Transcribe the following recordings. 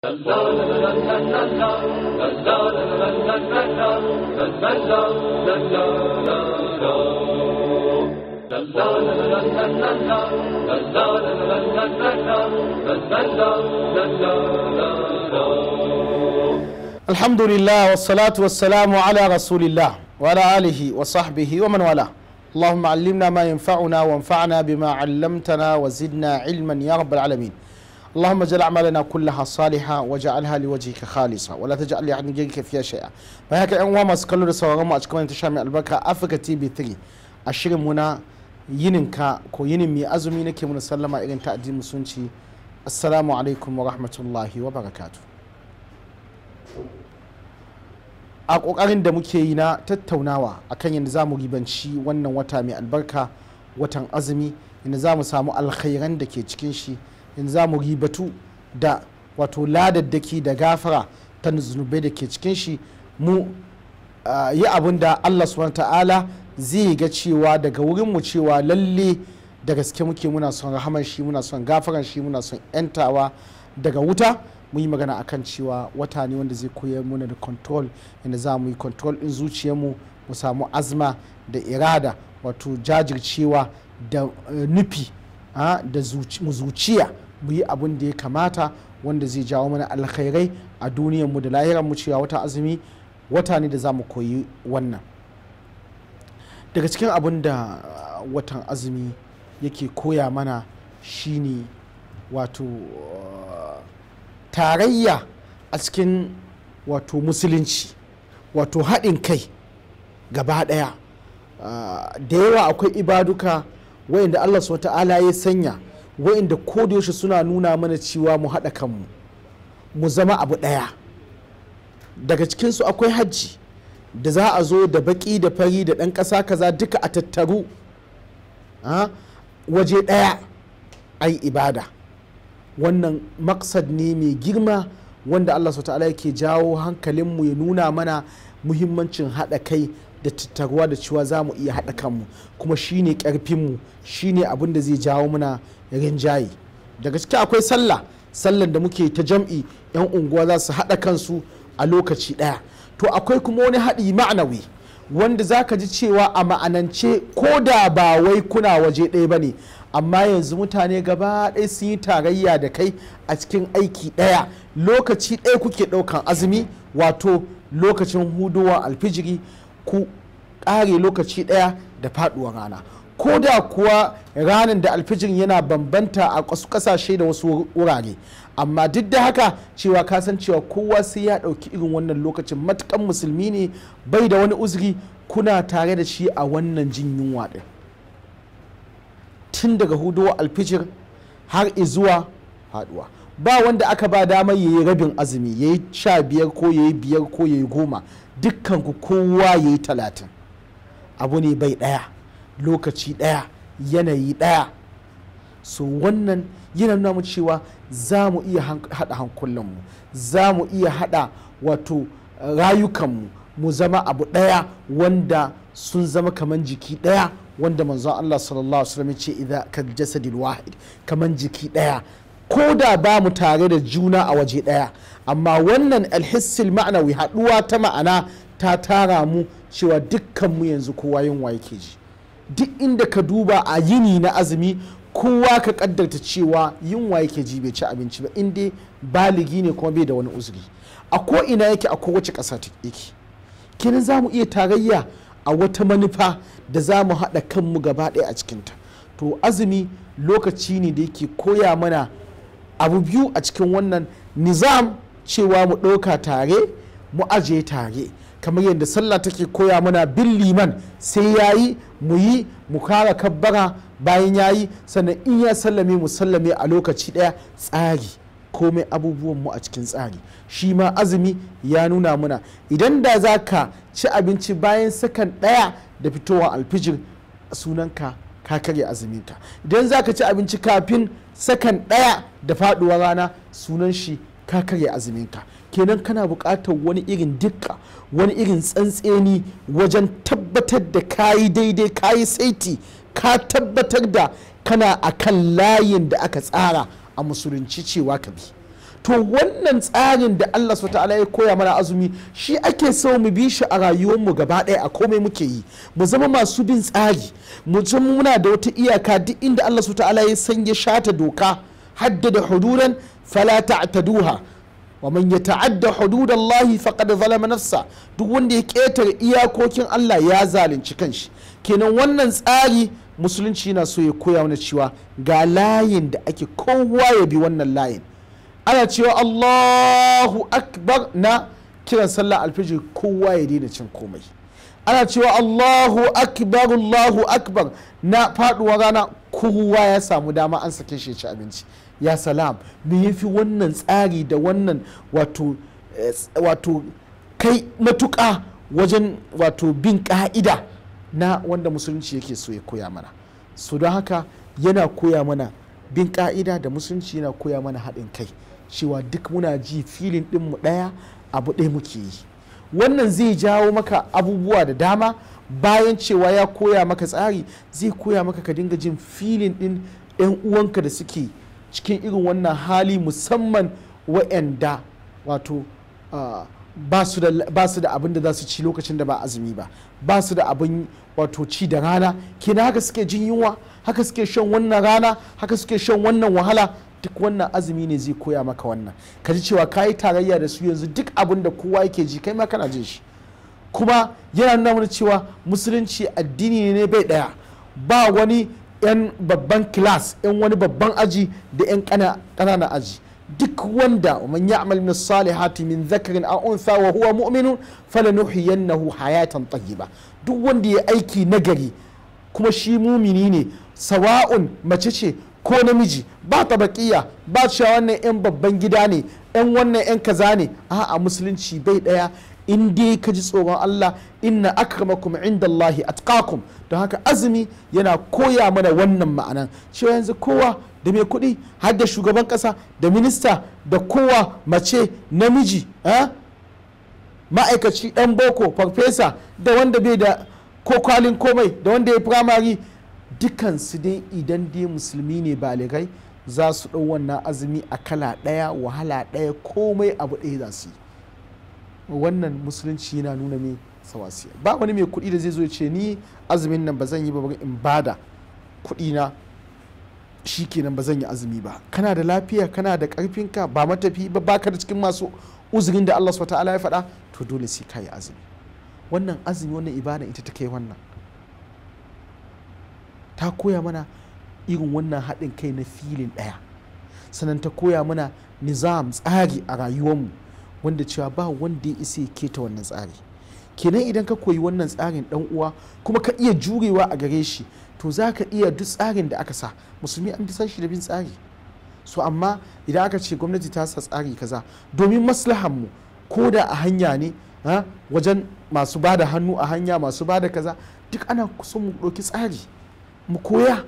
الحمد لله والصلاة والسلام على رسول الله وعلى آله وصحبه ومن والاه اللهم علمنا ما ينفعنا وانفعنا بما علمتنا وزدنا علما يا رب العالمين اللهم اجعل اعمالنا كلها صالحه واجعلها لوجهك خالصه ولا تجعل لي عن جنك فيها شيئا ما هيك ان ما سكلوا da sauraron mu a cikin wannan tasha mai albarka Africa TV 3 a shirin muna na yinin ka ko yinin mai azumi nake muna sallama irin ta addinin musulunci assalamu alaikum wa rahmatullahi wa barakatu. a kokarin da muke yi na tattaunawa akan yadda za mu ribanci wannan wata mai albarka watan azumi inda za mu samu alkhairan da ke cikin shi in za mu ribatu da wato ladaddaki da gafara ta zunubai da ke cikin shi mu yi abin da allah subhanahu ta'ala zai ga cewa daga wurin mu cewa lalle da gaske muke muna son rahaman shi muna son gafaran shi muna son yantawa daga wuta mu yi magana akan cewa wata ne wanda zai koya muna da control inda za mu yi control in zuciyarmu mu samu azma da irada wato jajircewa da eh, nufi da zuciya mu yi abin da ya kamata wanda zai jawo mana alkhairai a mu da lahiranmu cewa wata azumi wata ne da za mu koyi wannan daga cikin abin da uh, watan azumi yake koya mana shine wato uh, tarayya a cikin wato musulunci wato haɗin kai gaba ɗaya uh, da yawa akwai ibaduka wayanda allah ta'ala ya sanya wa'inda yaushe suna nuna mana cewa mu haɗa kanmu mu zama abu ɗaya daga cikinsu akwai hajji da za a zo da baƙi da fari da ɗan ƙasa kaza duka a tattaru waje ɗaya ai ibada wannan maksad ne mai girma wanda allah ta'ala yake jawo hankalinmu ya nuna mana muhimmancin haɗa kai da tattaruwa da cewa za mu iya haɗa kanmu kuma shine ƙarfinmu shine abin da zai jawo muna rinjaye Daga ciki akwai sallah sallan da muke ta jam'i yan unguwa za su haɗa kansu a lokaci ɗaya to akwai kuma wani haɗi ma'anawi wanda za ka ji cewa a ma'anance ko da ba wai kuna waje ɗaya ba ne amma yanzu mutane gaba ɗaya sun yi tarayya da kai a cikin aiki ɗaya lokaci ɗaya kuke ɗaukan azumi wato lokacin hudowa alfijiri ku ƙare lokaci ɗaya da faɗuwar rana ko da kuwa ranar da alfijir yana bambanta a wasu ƙasashe da wasu wurare amma duk da haka cewa kasan cewa kowa sai ya ɗauki irin wannan lokacin matukan musulmi ne bai da wani uzuri kuna tare da shi a wannan jin yunwa ɗin tun daga huduwa alfijir har zuwa faɗuwa, ba wanda aka ba damar yayi rabin azumi yayi sha biyar ko ya biyar ko yayi goma Dukkanku kowa ya yi talatin abu ne bai ɗaya lokaci ɗaya yanayi ɗaya so wannan yana nuna mu cewa za mu iya haɗa hankulanmu za mu iya haɗa wato eh, rayukanmu mu zama abu ɗaya wanda sun zama kaman jiki ɗaya wanda manzon Allah sallallahu alaihi wasallam ce idza kal jasadil wahid kaman jiki ɗaya ko da ba mu tare da juna a waje ɗaya amma wannan alhissil ma'anawi haɗuwa ta ma'ana ta tara mu cewa dukkan mu yanzu kowa yin yake ji duk inda ka duba a yini na azumi kowa ka kaddarta cewa yin yake ji bai ci abinci ba inda baligi ne kuma bai da wani uzuri a ko ina yake a kowace ƙasa yake kenan za mu iya tarayya a wata manufa da za mu haɗa kanmu gaba ɗaya a cikinta to azumi lokaci ne da yake koya mana abu biyu a cikin wannan nizam cewa mu ɗauka tare mu aje tare kamar yadda sallah take koya mana bin liman sai ya yi mu yi mu kara kabbara bayan ya yi sannan in ya sallame mu sallame a lokaci ɗaya tsari komai abubuwan mu a cikin tsari shi ma azumi ya nuna muna idan da za ka ci abinci bayan sakan ɗaya da fitowa alfijir sunanka ka karya azuminka idan za ka ci abinci kafin sakan ɗaya da faɗuwar rana sunan shi ka karya azuminka kenan kana buƙatar wani irin dukka wani irin tsantseni wajen tabbatar da kayi daidai kayi saiti ka tabbatar da kana akan layin da aka tsara a musulunci cewa ka bi to wannan tsarin da Allah su ta'ala ya koya mana azumi shi ake so mu bi shi a rayuwarmu gaba ɗaya a komai muke yi mu zama masu bin tsari mu zama muna da wata iyaka duk inda Allah su ta'ala ya sanya shata doka Hadda da hududan fala ta'taduha wa man yata'adda hududallahi faqad zalama nafsa duk wanda ya ketare iyakokin Allah ya zalunci kanshi kenan wannan tsari musulunci na so ya koya mana cewa ga layin da ake kowa ya bi wannan layin ana cewa Allahu akbar na kiran sallah alfijir kowa ya daina cin komai ana cewa Allahu akbar Allahu akbar na faduwa rana kowa ya samu dama an sake shi ci abinci ya salam me yafi wannan tsari da wannan wato eh, kai matuka wajen wato bin ka'ida na wanda musulunci yake so ya koya mana su don haka yana koya mana bin ka'ida da musulunci yana koya mana haɗin kai cewa duk muna ji filin mu ɗaya abu ɗaya muke yi wannan zai jawo maka abubuwa da dama bayan cewa ya koya maka tsari zai koya maka ka dinga jin filin ɗin 'yan uwanka da suke cikin irin wannan hali musamman wa'anda wato ba su da abin da za su ci lokacin da ba azumi ba ba su da abin wato ci da rana kina haka suke jin yunwa haka suke shan wannan rana haka suke shan wannan wahala duk wannan azumi ne zai koya maka wannan ka ji cewa ka yi tarayya da su yanzu duk abin da kowa yake ji kai ma kana jin shi kuma yana nuna mana cewa musulunci addini ne bai daya ba wani yan babban kilas yan wani babban aji da yan ƙananan aji duk wanda man ya'mal min salihati min zakarin aw untha wa huwa mu'minun falanuhyiyannahu hayatan tayyiba duk wanda ya aiki nagari kuma shi mumini ne sawa'un mace ce ko namiji ba baƙiya ba cewa wannan 'yan babban gida ne 'yan wannan 'yan kaza ne a'a musulunci bai ɗaya in dai ka ji tsoron Allah inna akramakum indallahi atqakum don haka azumi yana koya mana wannan ma'anan cewa yanzu kowa da mai kuɗi har da shugaban ƙasa da minista da kowa mace namiji ma'aikaci ɗan boko farfesa da wanda bai da ko komai da wanda ya yi firamare dukansu dai idan dai musulmi ne baligai za su ɗau wannan azumi a kala ɗaya wahala ɗaya komai abu ɗaya za su yi wannan musulunci yana nuna mai sawasiya ba wani mai kuɗi da zai zo ce ni azumin nan ba zan yi ba in bada kuɗi na shi kenan ba zan yi azumi ba kana da lafiya kana da ƙarfinka ba matafi ba baka da cikin masu uzurin da Allah subhanahu ya faɗa to dole sai ka yi azumi wannan azumi wannan ibada ita ta kai wannan ta koya mana irin wannan haɗin kai na filin ɗaya sannan ta koya mana nizam tsari a rayuwarmu wanda cewa ba wanda ya isa ya keta wannan tsari kenan idan ka koyi wannan tsarin dan uwa kuma ka iya jurewa a gare shi to za ka iya duk tsarin da aka sa musulmi an san shi da bin tsari so amma idan aka ce gwamnati ta sa tsari kaza domin maslahanmu ko da a hanya ne ah, wajen masu bada hannu a hanya masu bada kaza duk ana kusan mu ɗauki tsari mu koya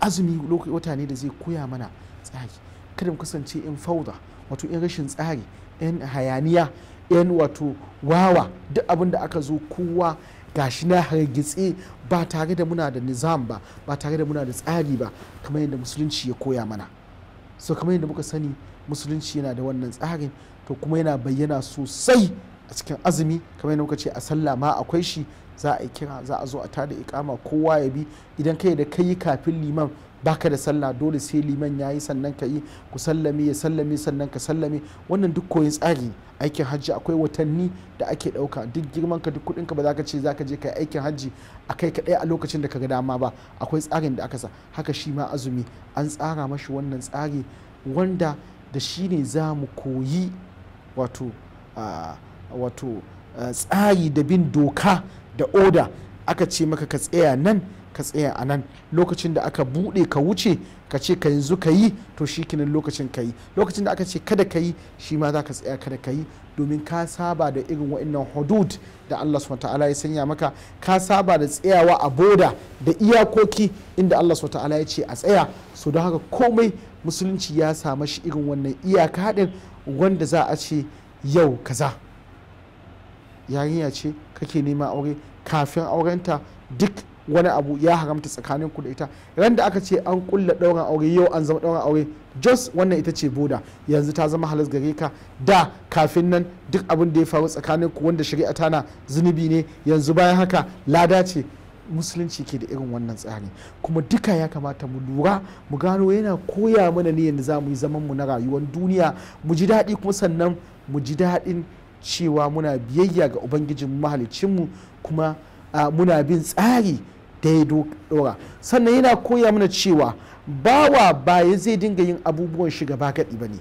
azumi wata ne da zai koya mana tsari kada mu kasance in fauda wato yan rashin tsari yan hayaniya yan wato wawa duk abin da aka zo kowa gashi na hargitse ba tare da muna da nizam ba ba tare da muna da tsari ba kamar yadda musulunci ya koya mana so kamar yadda muka sani musulunci yana da wannan tsarin to kuma yana bayyana sosai a cikin azumi kamar yadda muka ce a sallah ma akwai shi za a yi kira za a zo a tada ikama kowa ya bi idan kai da kai kafin liman baka da sallah dole sai liman yayi sannan ka yi ku sallame ya sallame sannan ka sallame wannan duk koyin tsari aikin hajji akwai watanni da ake dauka duk girman ka duk kudin ka ba ka ce za ka je ka kai aikin hajji a kai kadai a lokacin da ka ga dama ba akwai tsarin da aka sa haka shi ma azumi an tsara mashi wannan tsari wanda da shi ne za mu koyi wato ah, wato eh, tsayi da bin doka da oda aka ce maka ka tsaya nan ka tsaya a nan lokacin da aka buɗe ka wuce ka ce ka yanzu ka yi to shi kinan lokacin ka yi lokacin da aka ce kada ka yi shi ma za ka tsaya kada ka yi domin ka saba da irin wa'annan hudud da Allah su ta'ala ya sanya maka ka saba da tsayawa a boda da iyakoki inda Allah ta'ala ya ce a tsaya so don haka komai musulunci ya samu shi irin wannan iyaka wanda za a ce yau kaza. yarinya ce kake nema aure kafin aurenta duk wani abu ya haramta tsakanin ku da ita ran da aka ce an kulla dauran aure yau an zama dauran aure jos wannan ita ce boda yanzu ta zama halas gare ka da kafin nan duk abin da ya faru tsakanin ku wanda shari'a tana zunubi ne yanzu bayan haka lada ce musulunci ke da irin wannan tsari kuma duka ya kamata mu lura mu gano yana koya mana ne yadda za mu yi zaman mu na rayuwar duniya mu ji daɗi kuma sannan mu ji daɗin cewa muna biyayya ga ubangijin mahalicinmu kuma muna bin tsari da ya dora sannan yana koya mana cewa bawa baya zai dinga yin abubuwan shi gaba gaɗi ba ne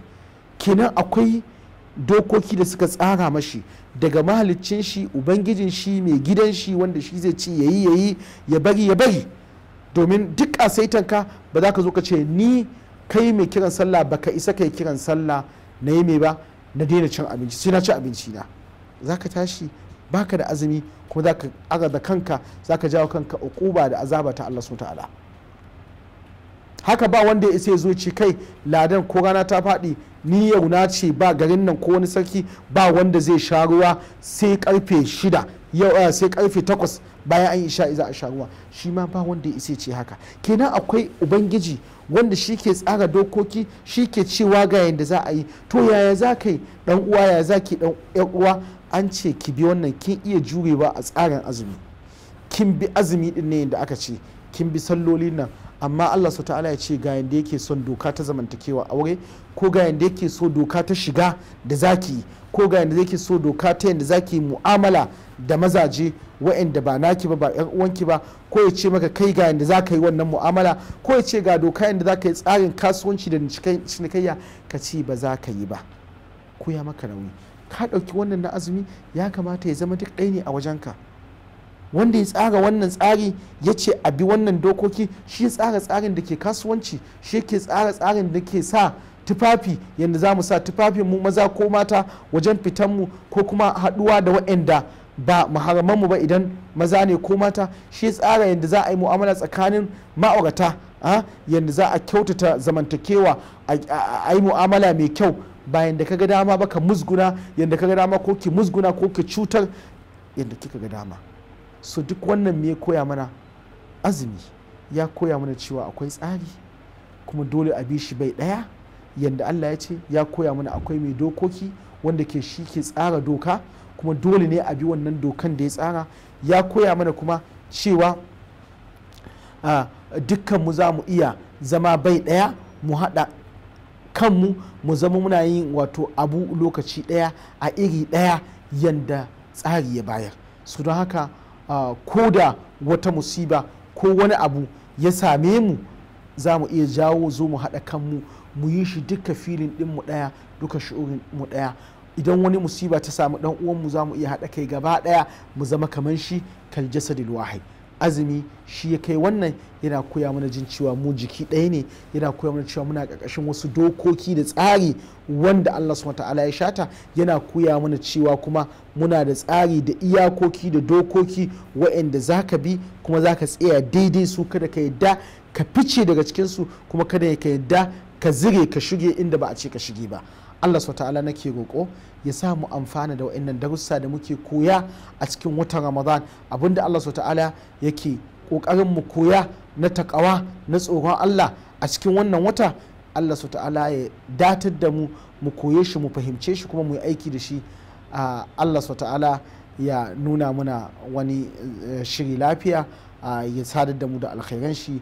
kenan akwai dokoki da suka tsara mashi daga mahaliccin shi ubangijin shi mai gidan shi wanda shi zai ci yayi yayi ya bari ya bari domin duk saitanka ba za ka zo ka ce ni kai mai kiran sallah baka isa kai kiran sallah na yi mai ba na daina cin abinci sai na ci abinci na za tashi baka da azumi kuma zaka ka da kanka zaka ka jawo kanka uquba da azaba ta Allah subhanahu ta'ala haka ba wanda ya isa ya zo ci kai ladan ko rana ta faɗi ni yau na ce ba garin nan ko wani sarki ba wanda zai sha ruwa sai karfe shida yau eh, sai karfe takwas bayan an isha za a sha ruwa shi ma ba wanda ya isa ce haka kenan akwai ubangiji wanda shi ke tsara dokoki shi ke cewa ga yadda za a yi to yaya za ka yi dan uwa ya za ki dan uwa an ce ki bi wannan kin iya jurewa a tsarin azumi kin bi azumi din ne da aka ce kin bi sallolin nan amma Allah su ta'ala ya ce ga yadda yake son doka ta zamantakewa aure ko ga yadda yake so doka ta shiga da zaki ko ga yadda yake so doka ta yadda zaki mu'amala da mazaje wa'anda ba naki ba ba yan uwanki ba ko ya ce maka kai ga yadda zaka yi wannan mu'amala ko ya ce ga doka yanda zaka yi tsarin kasuwanci da cinikayya ka ce ba za ka yi ba ko ya maka rauni ka ɗauki wannan na azumi ya kamata ya zama duk ɗaya ne a wajenka wanda ya tsara wannan tsari ya ce a bi wannan dokoki shi tsara tsarin da ke kasuwanci shi ke tsara tsarin da ke sa tufafi yadda za mu sa tufafin mu maza ko mata wajen fitan mu ko kuma haduwa da waɗanda ba maharaman mu ba idan maza ne ko mata shi tsara yadda za a yi mu'amala tsakanin ma'aurata ah, yadda za a kyautata zamantakewa a yi mu'amala mai kyau bayan da kaga dama ba ka musguna yadda kaga dama ko ke musguna ko ke cutar yadda kika ga dama so duk wannan me ya koya mana azumi ya koya mana cewa akwai tsari kuma dole a bi shi bai daya yadda Allah ya ce ya koya mana akwai mai dokoki wanda ke shi ke tsara doka kuma dole ne a bi wannan dokan da ya tsara ya koya mana kuma cewa dukkan mu za mu iya zama bai daya mu haɗa kanmu mu zama muna yin wato abu lokaci daya a iri daya yadda tsari ya bayar su don haka ko da wata musiba ko wani abu ya same mu za mu iya jawo zo mu haɗa kanmu mu yi shi duka filin mu ɗaya duka mu ɗaya idan wani musiba ta samu ɗan uwanmu za mu iya haɗa kai gaba ɗaya mu zama kamar shi kal jasadil wahid azumi shi ya kai wannan yana koya mana jin cewa mu jiki ɗaya ne yana koya mana cewa muna ƙarƙashin wasu dokoki da tsari wanda Allah su ta'ala ya shata yana koya mana cewa kuma muna da tsari da iyakoki da dokoki waɗanda ka bi kuma za ka tsaya daidai su kada ka yadda ka fice daga cikin su kuma kada ka yadda ka zire ka shige inda ba a ce ka shige ba Allah sau ta'ala nake roƙo ya sa mu amfana da wa'annan darussa da muke koya a cikin watan Ramadan abinda Allah sau ta'ala yake ƙoƙarin mu koya na taƙawa na tsoron Allah a cikin wannan wata Allah sau ta'ala ya datar da mu mu koye shi mu fahimce shi kuma mu yi aiki da shi Allah sau ta'ala ya nuna muna wani eh, shiri lafiya ya sadar da mu da alkhairan shi